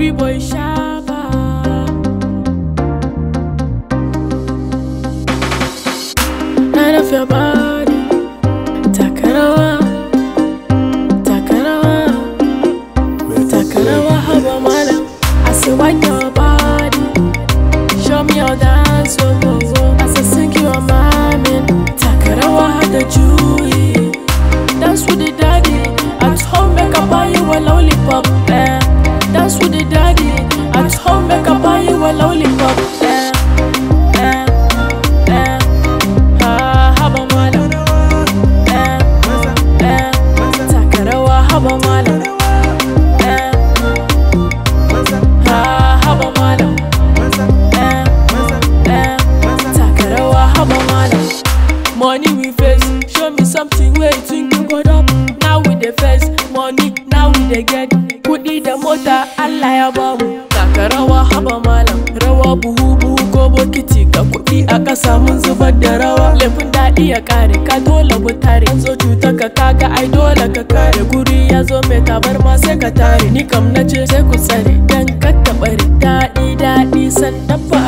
everybody shabba. Light up your body, takarawa, takarawa, takarawa, haba mala. I say, wind your body, show me your dance, oh haba malam ha eh. ah, haba malam eh. eh. takarawa haba malam money we face show me something wey you think up now we dey face money now we dey get kudi da mota allah ya bamu takarawa rawa buhu buhu ko bokiti kudi aka samun zubar da rawa iya ya kare ka dole mu tare zo cutar ka kaga ai dole ka kare guri ya zo mai tabar ma sai ka tare ni kam na ce sai ku tsare dan ka daɗi daɗi san ba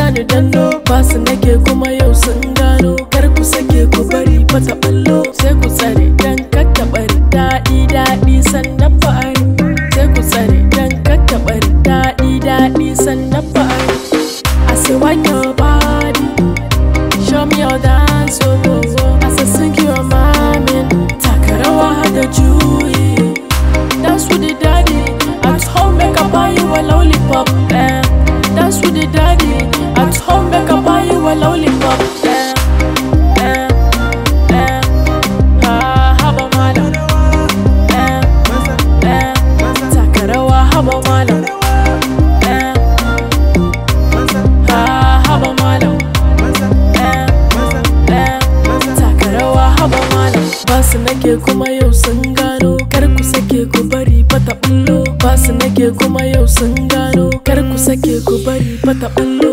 like your body. Show me your dance, oh, oh, oh. As I sing your mommy. Takarawa had a Jewy. Dance with the daddy. At home, make a buy you a lollipop. Eh. Dance with the daddy. At home, make a buy you a lollipop. Eh. Eh. kuma yau sun gano kar ku sake ku bari bata bullo su nake kuma yau sun gano kar ku sake ku bari bata bullo